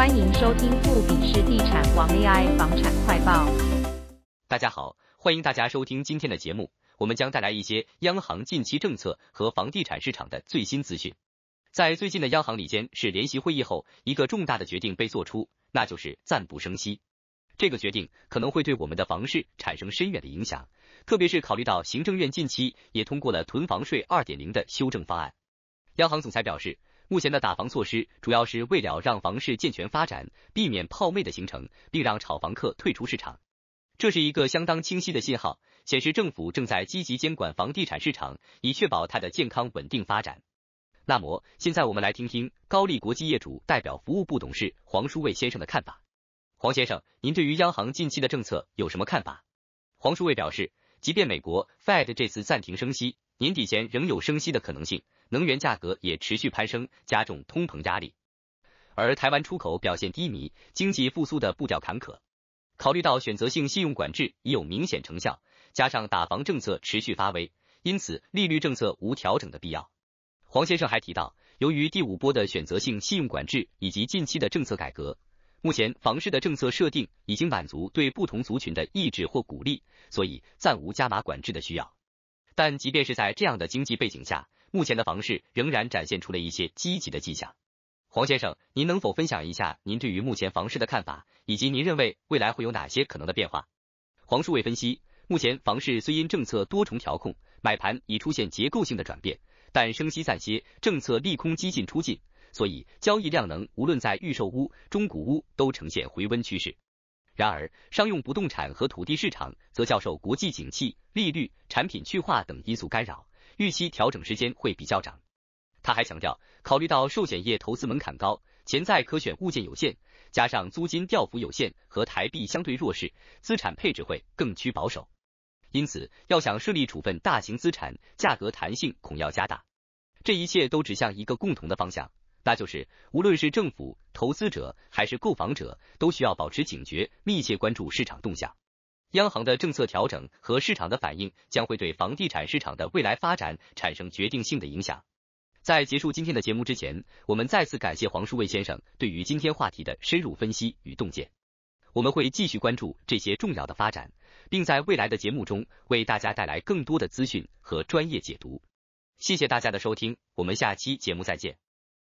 歡迎收聽富比士地產王 AI 房產快報。大家好，歡迎大家收聽今天的節目，我們將帶來一些央行近期政策和房地產市場的最新資訊。在最近的央行理監事聯席會議後，一個重大的決定被做出，那就是暫不升息。這個決定可能會對我們的房市產生深遠的影響，特別是考慮到行政院近期也通過了囤房稅二點零的修正方案。央行總裁表示。目前的打房措施主要是為了讓房市健全發展，避免泡沫的形成，並讓炒房客退出市場。這是一個相當清晰的信號，顯示政府正在積極監管房地產市場，以確保它的健康穩定發展。那麼，現在我們來聽聽高力國際業主代表服務部董事黃舒衛先生的看法。黃先生，您對於央行近期的政策有什麼看法？黃舒衛表示，即便美國 Fed 這次暫停升息，年底前仍有升息的可能性。能源價格也持續攀升，加重通膨壓力。而台灣出口表現低迷，經濟復甦的步調坎坷。考慮到選擇性信用管制已有明顯成效，加上打房政策持續發威，因此利率政策無調整的必要。黃先生還提到，由於第五波的選擇性信用管制以及近期的政策改革，目前房市的政策設定已經滿足對不同族群的抑制或鼓勵，所以暫無加碼管制的需要。但即便是在這樣的經濟背景下，目前的房市仍然展現出了一些積極的跡象。黃先生，您能否分享一下您對於目前房市的看法，以及您認為未來會有哪些可能的變化？黃舒衛分析，目前房市雖因政策多重調控，買盤已出現結構性的轉變，但升息暫歇，政策利空激進出境，所以交易量能無論在預售屋、中古屋都呈現回溫趨勢。然而，商用不動產和土地市場則較受國際景氣、利率、產品去化等因素干擾。預期調整時間會比較長。他還強調，考慮到壽險業投資門檻高，潛在可選物件有限，加上租金調幅有限和台幣相對弱勢，資產配置會更趨保守。因此，要想順利處分大型資產，價格彈性恐要加大。這一切都指向一個共同的方向，那就是無論是政府、投資者還是購房者，都需要保持警覺，密切關注市場動向。央行的政策調整和市場的反應將會對房地產市場的未來發展產生決定性的影響。在結束今天的節目之前，我們再次感謝黃舒衛先生對於今天話題的深入分析與洞見。我們會繼續關注這些重要的發展，並在未來的節目中為大家帶來更多的資訊和專業解讀。謝謝大家的收聽，我們下期節目再見。